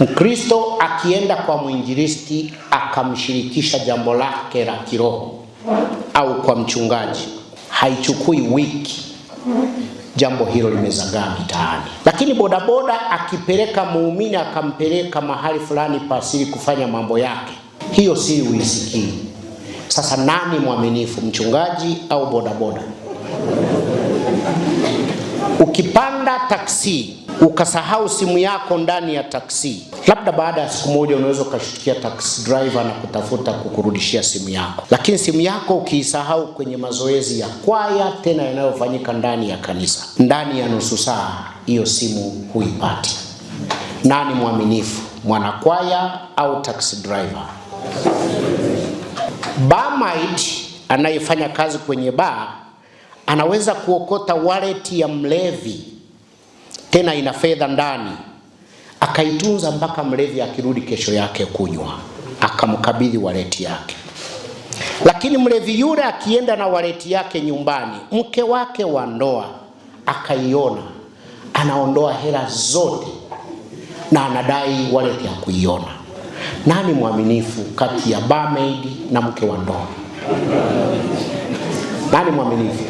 Mkristo akienda kwa mwinjilisti akamshirikisha jambo lake la kiroho au kwa mchungaji, haichukui wiki jambo hilo limezagaa mitaani. Lakini bodaboda akipeleka muumini akampeleka mahali fulani pasili kufanya mambo yake, hiyo si uisikii. Sasa nani mwaminifu, mchungaji au bodaboda? Ukipanda taksi ukasahau simu yako ndani ya taksi. Labda baada ya siku moja unaweza ukashtukia taksi driver na kutafuta kukurudishia simu yako, lakini simu yako ukiisahau kwenye mazoezi ya kwaya, tena yanayofanyika ndani ya kanisa, ndani ya nusu saa hiyo simu huipati. Nani mwaminifu, mwanakwaya au taksi driver? Barmaid anayefanya kazi kwenye baa anaweza kuokota wallet ya mlevi tena ina fedha ndani, akaitunza mpaka mlevi akirudi kesho yake kunywa, akamkabidhi waleti yake. Lakini mlevi yule akienda na waleti yake nyumbani, mke wake wa ndoa akaiona, anaondoa hela zote na anadai waleti ya kuiona. Nani mwaminifu kati ya barmaid na mke wa ndoa? Nani mwaminifu?